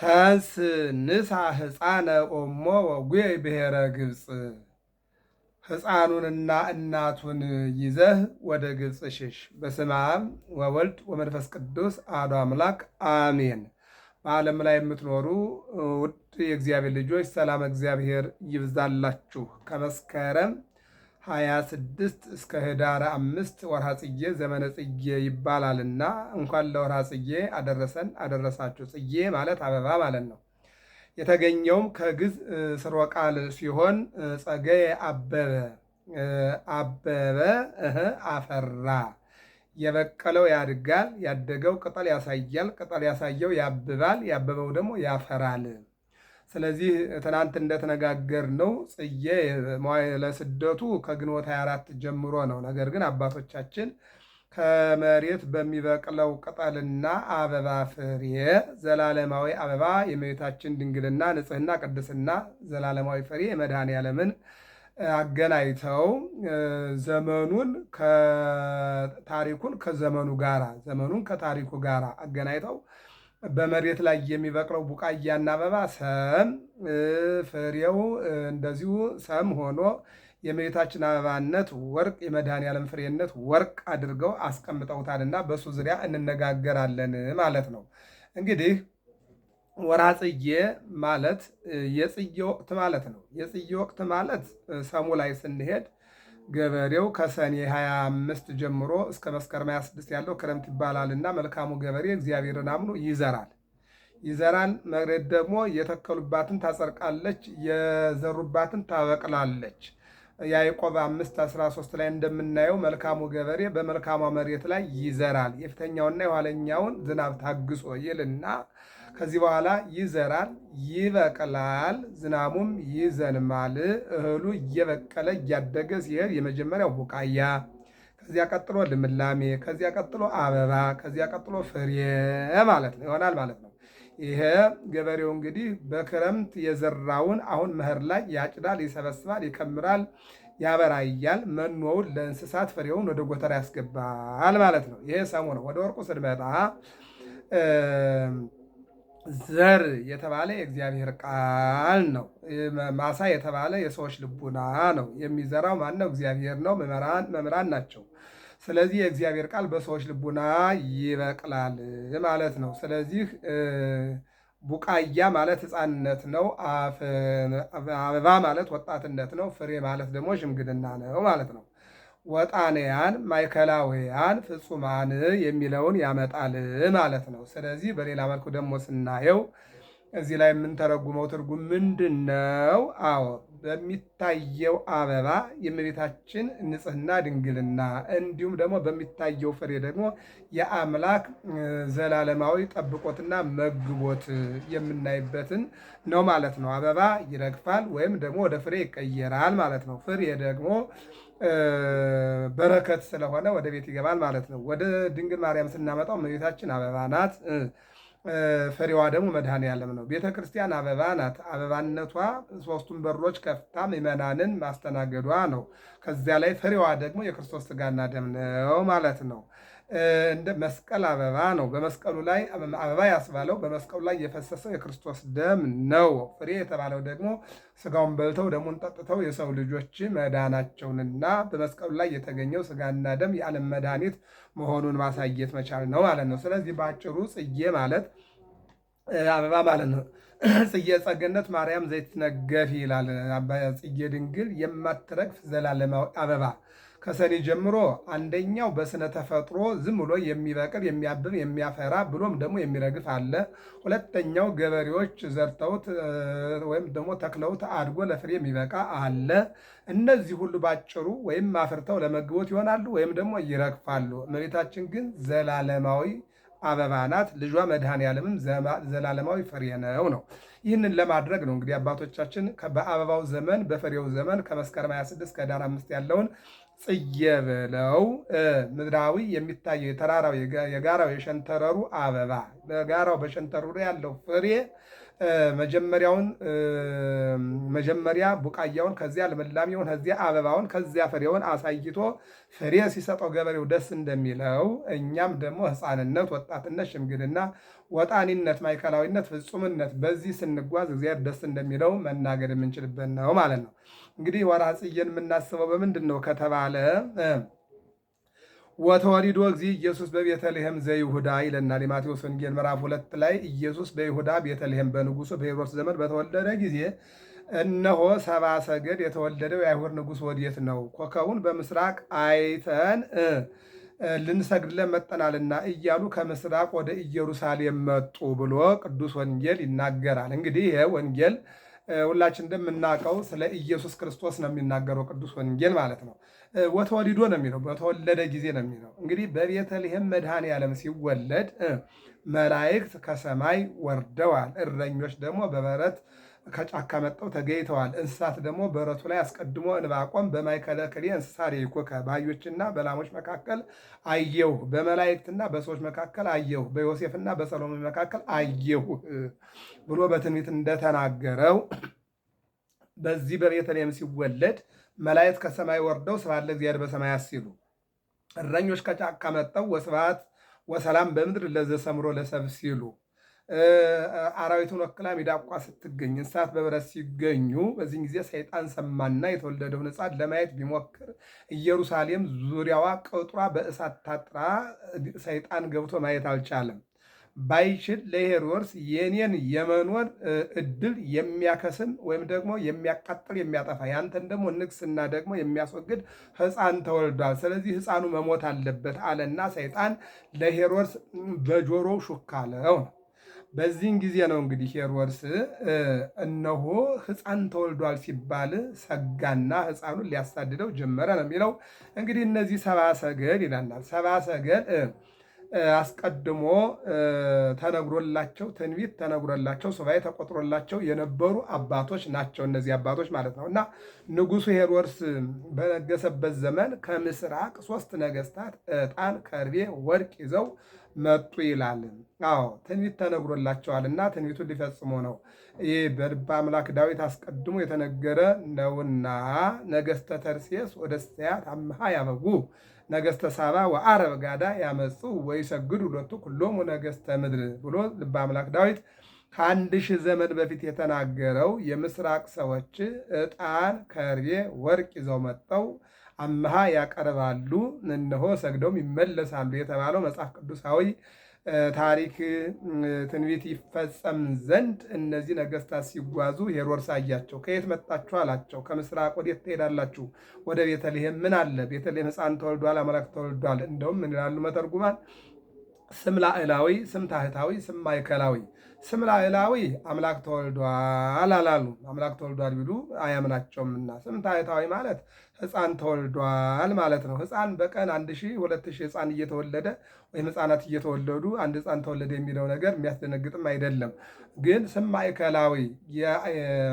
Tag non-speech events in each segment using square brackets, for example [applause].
ተንስ ንሳ ሕፃነ ኦሞ ወጒዕ ብሔረ ግብፅ ሕፃኑንና እናቱን ይዘህ ወደ ግብፅ ሽሽ። በስመ አብ ወወልድ ወመንፈስ ቅዱስ አሐዱ አምላክ አሜን። በዓለም ላይ የምትኖሩ ውድ የእግዚአብሔር ልጆች ሰላም እግዚአብሔር ይብዛላችሁ። ከመስከረም ሀያ እስከ ህዳር አምስት ወርሃ ጽጌ ዘመነ ጽጌ ይባላልና እንኳን ለወርሃ ጽጌ አደረሰን አደረሳችሁ። ጽጌ ማለት አበባ ማለት ነው። የተገኘውም ከግዕዝ ስርወ ቃል ሲሆን ጸገየ አበበ አበበ አፈራ። የበቀለው ያድጋል፣ ያደገው ቅጠል ያሳያል፣ ቅጠል ያሳየው ያብባል፣ ያበበው ደግሞ ያፈራል። ስለዚህ ትናንት እንደተነጋገር ነው ጽጌ ለስደቱ ከግንቦት 24 ጀምሮ ነው። ነገር ግን አባቶቻችን ከመሬት በሚበቅለው ቅጠልና አበባ ፍሬ ዘላለማዊ አበባ የመቤታችን ድንግልና፣ ንጽህና ቅድስና ዘላለማዊ ፍሬ የመድኃኔዓለምን አገናኝተው ዘመኑን ከታሪኩን ከዘመኑ ጋራ ዘመኑን ከታሪኩ ጋራ አገናኝተው በመሬት ላይ የሚበቅለው ቡቃያና አበባ ሰም ፍሬው እንደዚሁ ሰም ሆኖ የመሬታችን አበባነት ወርቅ የመድኃኔዓለም ፍሬነት ወርቅ አድርገው አስቀምጠውታልና በእሱ ዙሪያ እንነጋገራለን ማለት ነው። እንግዲህ ወርሃ ጽጌ ማለት የጽጌ ወቅት ማለት ነው። የጽጌ ወቅት ማለት ሰሙ ላይ ስንሄድ ገበሬው ከሰኔ 25 ጀምሮ እስከ መስከረም 26 ያለው ክረምት ይባላል እና መልካሙ ገበሬ እግዚአብሔርን አምኖ ይዘራል ይዘራል። መሬት ደግሞ የተከሉባትን ታጸርቃለች የዘሩባትን ታበቅላለች። ያዕቆብ አምስት አስራ ሶስት ላይ እንደምናየው መልካሙ ገበሬ በመልካሟ መሬት ላይ ይዘራል፣ የፊተኛውና የኋለኛውን ዝናብ ታግሶ ይልና ከዚህ በኋላ ይዘራል፣ ይበቅላል፣ ዝናቡም ይዘንማል። እህሉ እየበቀለ እያደገ ሲሄድ የመጀመሪያው ቡቃያ፣ ከዚያ ቀጥሎ ልምላሜ፣ ከዚያ ቀጥሎ አበባ፣ ከዚያ ቀጥሎ ፍሬ ማለት ነው ይሆናል ማለት ነው። ይሄ ገበሬው እንግዲህ በክረምት የዘራውን አሁን መኸር ላይ ያጭዳል፣ ይሰበስባል፣ ይከምራል፣ ያበራያል። መኖውን ለእንስሳት ፍሬውን ወደ ጎተራ ያስገባል ማለት ነው። ይሄ ሰሙ ነው። ወደ ወርቁ ስንመጣ ዘር የተባለ የእግዚአብሔር ቃል ነው። ማሳ የተባለ የሰዎች ልቡና ነው። የሚዘራው ማን ነው? እግዚአብሔር ነው። መምህራን ናቸው። ስለዚህ የእግዚአብሔር ቃል በሰዎች ልቡና ይበቅላል ማለት ነው። ስለዚህ ቡቃያ ማለት ሕፃንነት ነው። አበባ ማለት ወጣትነት ነው። ፍሬ ማለት ደግሞ ሽምግልና ነው ማለት ነው። ወጣንያን ማይከላውያን ፍጹማን የሚለውን ያመጣል ማለት ነው። ስለዚህ በሌላ መልኩ ደግሞ ስናየው እዚህ ላይ የምንተረጉመው ትርጉም ምንድን ነው? አዎ በሚታየው አበባ የእመቤታችን ንጽህና ድንግልና እንዲሁም ደግሞ በሚታየው ፍሬ ደግሞ የአምላክ ዘላለማዊ ጠብቆትና መግቦት የምናይበትን ነው ማለት ነው። አበባ ይረግፋል ወይም ደግሞ ወደ ፍሬ ይቀየራል ማለት ነው። ፍሬ ደግሞ በረከት ስለሆነ ወደ ቤት ይገባል ማለት ነው። ወደ ድንግል ማርያም ስናመጣው እመቤታችን አበባ ናት። ፍሬዋ ደግሞ መድኃኔ ዓለም ነው። ቤተ ክርስቲያን አበባ ናት። አበባነቷ ሶስቱን በሮች ከፍታ ምዕመናንን ማስተናገዷ ነው። ከዚያ ላይ ፍሬዋ ደግሞ የክርስቶስ ስጋና ደም ነው ማለት ነው። እንደ መስቀል አበባ ነው። በመስቀሉ ላይ አበባ ያስባለው በመስቀሉ ላይ የፈሰሰው የክርስቶስ ደም ነው። ፍሬ የተባለው ደግሞ ስጋውን በልተው ደሙን ጠጥተው የሰው ልጆች መዳናቸውንና በመስቀሉ ላይ የተገኘው ስጋና ደም የዓለም መድኃኒት መሆኑን ማሳየት መቻል ነው ማለት ነው። ስለዚህ በአጭሩ ጽጌ ማለት አበባ ማለት ነው። [clears throat] ጽጌ ጸገነት ማርያም ዘይትነገፊ ይላል ጽጌ ድንግል የማትረግፍ ዘላለማዊ አበባ ከሰኔ ጀምሮ አንደኛው በስነ ተፈጥሮ ዝም ብሎ የሚበቅል የሚያብብ የሚያፈራ ብሎም ደግሞ የሚረግፍ አለ። ሁለተኛው ገበሬዎች ዘርተውት ወይም ደግሞ ተክለውት አድጎ ለፍሬ የሚበቃ አለ። እነዚህ ሁሉ ባጭሩ ወይም አፍርተው ለመግቦት ይሆናሉ ወይም ደግሞ ይረግፋሉ። እመቤታችን ግን ዘላለማዊ አበባ ናት። ልጇ መድኃኔ ዘላለማዊ ፍሬ ነው ነው ይህንን ለማድረግ ነው እንግዲህ አባቶቻችን በአበባው ዘመን በፍሬው ዘመን ከመስከረም 26 ከዳር አምስት ያለውን ጽየበለው ምድራዊ የሚታየው የተራራው የጋራው የሸንተረሩ አበባ በጋራው በሸንተረሩ ያለው ፍሬ መጀመሪያውን መጀመሪያ ቡቃያውን ከዚያ ልምላሜውን ከዚያ አበባውን ከዚያ ፍሬውን አሳይቶ ፍሬ ሲሰጠው ገበሬው ደስ እንደሚለው እኛም ደግሞ ሕፃንነት፣ ወጣትነት፣ ሽምግልና፣ ወጣኒነት፣ ማዕከላዊነት፣ ፍጹምነት በዚህ ስንጓዝ እግዚአብሔር ደስ እንደሚለው መናገር የምንችልበት ነው ማለት ነው። እንግዲህ ወርኃ የምናስበው በምንድን ነው ከተባለ ወተወሊዶ እግዚእ ኢየሱስ በቤተልሔም ዘይሁዳ ይለናል የማቴዎስ ወንጌል ምዕራፍ ሁለት ላይ ኢየሱስ በይሁዳ ቤተልሔም በንጉሱ በሄሮድስ ዘመን በተወለደ ጊዜ እነሆ ሰባ ሰገድ የተወለደው የአይሁድ ንጉሥ ወዴት ነው? ኮከቡን በምስራቅ አይተን ልንሰግድለን መጠናልና እያሉ ከምስራቅ ወደ ኢየሩሳሌም መጡ ብሎ ቅዱስ ወንጌል ይናገራል። እንግዲህ ይሄ ወንጌል ሁላችን እንደምናውቀው ስለ ኢየሱስ ክርስቶስ ነው የሚናገረው ቅዱስ ወንጌል ማለት ነው። ወተወሊዶ ነው የሚለው በተወለደ ጊዜ ነው የሚለው። እንግዲህ በቤተልሔም መድኃኔ ዓለም ሲወለድ መላእክት ከሰማይ ወርደዋል። እረኞች ደግሞ በበረት ከጫካ መጠው ተገይተዋል እንስሳት ደግሞ በረቱ ላይ አስቀድሞ እንባቆም በማይከለ ክሌ እንስሳ ሬኮከ በአህዮችና በላሞች መካከል አየሁ፣ በመላእክትና በሰዎች መካከል አየሁ፣ በዮሴፍና በሰሎሜ መካከል አየሁ ብሎ በትንቢት እንደተናገረው በዚህ በቤተልሔም ሲወለድ መላእክት ከሰማይ ወርደው ስብሐት ለእግዚአብሔር በሰማያት ሲሉ እረኞች ከጫካ መጠው ወስብሐት ወሰላም በምድር ለዘሰምሮ ለሰብ ሲሉ አራዊቱን ወክላ ሚዳቋ ስትገኝ እንስሳት በብረት ሲገኙ፣ በዚህን ጊዜ ሰይጣን ሰማና የተወለደውን ሕፃን ለማየት ቢሞክር ኢየሩሳሌም ዙሪያዋ ቅጥሯ በእሳት ታጥራ ሰይጣን ገብቶ ማየት አልቻለም። ባይችል ለሄሮድስ የኔን የመኖር እድል የሚያከስን ወይም ደግሞ የሚያቃጥል የሚያጠፋ ያንተን ደግሞ ንግስና ደግሞ የሚያስወግድ ህፃን ተወልዷል፣ ስለዚህ ህፃኑ መሞት አለበት አለና ሰይጣን ለሄሮድስ በጆሮው ሹክ አለው ነው። በዚህን ጊዜ ነው እንግዲህ ሄሮድስ እነሆ ህፃን ተወልዷል ሲባል ሰጋና ህፃኑ ሊያሳድደው ጀመረ ነው የሚለው። እንግዲህ እነዚህ ሰባ ሰገል ይላናል። ሰባ ሰገል አስቀድሞ ተነግሮላቸው ትንቢት ተነግሮላቸው ሱባኤ ተቆጥሮላቸው የነበሩ አባቶች ናቸው። እነዚህ አባቶች ማለት ነው እና ንጉሱ ሄሮድስ በነገሰበት ዘመን ከምስራቅ ሶስት ነገስታት ዕጣን፣ ከርቤ፣ ወርቅ ይዘው መጡ ይላል። አዎ ትንቢት ተነግሮላቸዋል እና ትንቢቱን ሊፈጽሙ ነው። ይህ በልበ አምላክ ዳዊት አስቀድሞ የተነገረ ነውና ነገስተ ተርሴስ ወደ ስያት አምሃ ያበጉ ነገስተ ሳባ ወአረብ ጋዳ ያመፁ ወይሰግዱ ሁለቱ ኩሎሙ ነገስተ ምድር ብሎ ልበ አምላክ ዳዊት ከአንድ ሺህ ዘመን በፊት የተናገረው የምስራቅ ሰዎች እጣን ከርቤ፣ ወርቅ ይዘው መጠው አምሃ ያቀርባሉ፣ እነሆ ሰግደውም ይመለሳሉ የተባለው መጽሐፍ ቅዱሳዊ ታሪክ ትንቢት ይፈጸም ዘንድ እነዚህ ነገስታት ሲጓዙ ሄሮድስ አያቸው። ከየት መጣችሁ አላቸው። ከምስራቅ ወዴት ትሄዳላችሁ? ወደ ቤተልሔም። ምን አለ ቤተልሔም? ሕፃን ተወልዷል፣ አምላክ ተወልዷል። እንደውም ምን ይላሉ መተርጉማን? ስም ላዕላዊ፣ ስም ታህታዊ፣ ስም ማይከላዊ። ስም ላዕላዊ አምላክ ተወልዷል አላሉ። አምላክ ተወልዷል ቢሉ አያምናቸውምና ስም ታሕታዊ ማለት ሕፃን ተወልዷል ማለት ነው። ሕፃን በቀን አንድ ሺህ ሁለት ሺህ ሕፃን እየተወለደ ወይም ሕፃናት እየተወለዱ አንድ ሕፃን ተወለደ የሚለው ነገር የሚያስደነግጥም አይደለም። ግን ስም ማዕከላዊ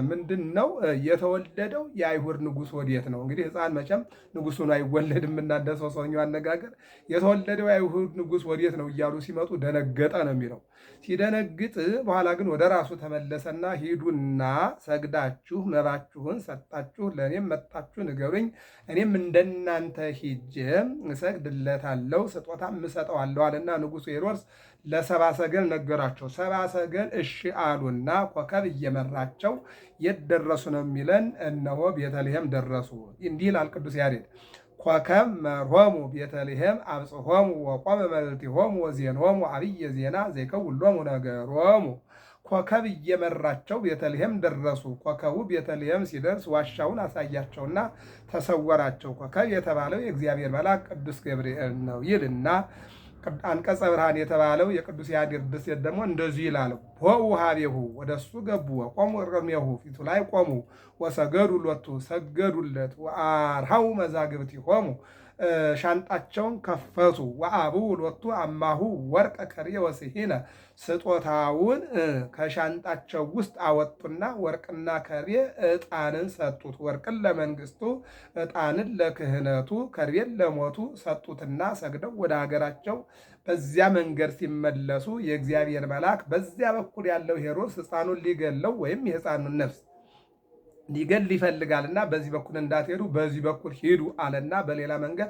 ምንድን ነው? የተወለደው የአይሁድ ንጉሥ ወዴት ነው? እንግዲህ ሕፃን መቼም ንጉሱን አይወለድም እና እንደ ሰው ሰውኛው አነጋገር የተወለደው የአይሁድ ንጉሥ ወዴት ነው እያሉ ሲመጡ ደነገጠ ነው የሚለው ሲደነግጥ ከዚህ በኋላ ግን ወደ ራሱ ተመለሰና ሂዱና ሰግዳችሁ መባችሁን ሰጣችሁ፣ ለእኔም መጣችሁ ንገሩኝ፣ እኔም እንደናንተ ሂጄ እሰግድለታለሁ፣ ስጦታም እሰጠዋለሁ አለና ንጉሱ ሄሮድስ ለሰባ ሰገል ነገራቸው። ሰባ ሰገል እሺ አሉና ኮከብ እየመራቸው የት ደረሱ ነው የሚለን? እነሆ ቤተልሔም ደረሱ። እንዲህ ይላል ቅዱስ ያሬድ ኮከብ መርሆሙ ቤተልሔም አብጽሆሙ ወቆመ መልቲሆሙ ወዜንሆሙ አብየ ዜና ዘይከውሎሙ ነገሮሙ። ኮከብ እየመራቸው ቤተልሔም ደረሱ። ኮከቡ ቤተልሔም ሲደርስ ዋሻውን አሳያቸውና ተሰወራቸው። ኮከብ የተባለው የእግዚአብሔር መልአክ ቅዱስ ገብርኤል ነው ይልና አንቀጸ ብርሃን የተባለው የቅዱስ ያሬድ ብስት ደግሞ እንደዚሁ ይላል ሆው ሀቤሁ ወደሱ ገቡ ወቆሙ እረሜሁ ፊቱ ላይ ቆሙ ወሰገዱ ሎቱ ሰገዱለት ወአርሃው መዛግብቲሆሙ ሻንጣቸውን ከፈቱ። ወአቡ ሎቱ አማሁ ወርቀ ከርየ ወስሂነ ስጦታውን ከሻንጣቸው ውስጥ አወጡና ወርቅና ከርቤ ዕጣንን ሰጡት። ወርቅን ለመንግስቱ፣ ዕጣንን ለክህነቱ፣ ከርቤን ለሞቱ ሰጡትና ሰግደው ወደ ሀገራቸው በዚያ መንገድ ሲመለሱ የእግዚአብሔር መልአክ በዚያ በኩል ያለው ሄሮድስ ሕፃኑን ሊገለው ወይም የሕፃኑን ነፍስ ሊገል ይፈልጋልና በዚህ በኩል እንዳትሄዱ በዚህ በኩል ሂዱ አለና በሌላ መንገድ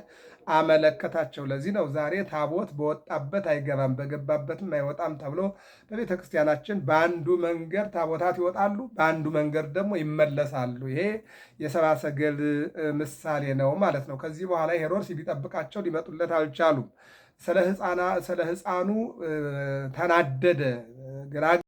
አመለከታቸው። ለዚህ ነው ዛሬ ታቦት በወጣበት አይገባም በገባበትም አይወጣም ተብሎ በቤተ ክርስቲያናችን በአንዱ መንገድ ታቦታት ይወጣሉ፣ በአንዱ መንገድ ደግሞ ይመለሳሉ። ይሄ የሰብአ ሰገል ምሳሌ ነው ማለት ነው። ከዚህ በኋላ ሄሮድስ ቢጠብቃቸው ሊመጡለት አልቻሉም። ስለ ሕፃኑ ተናደደ ግራ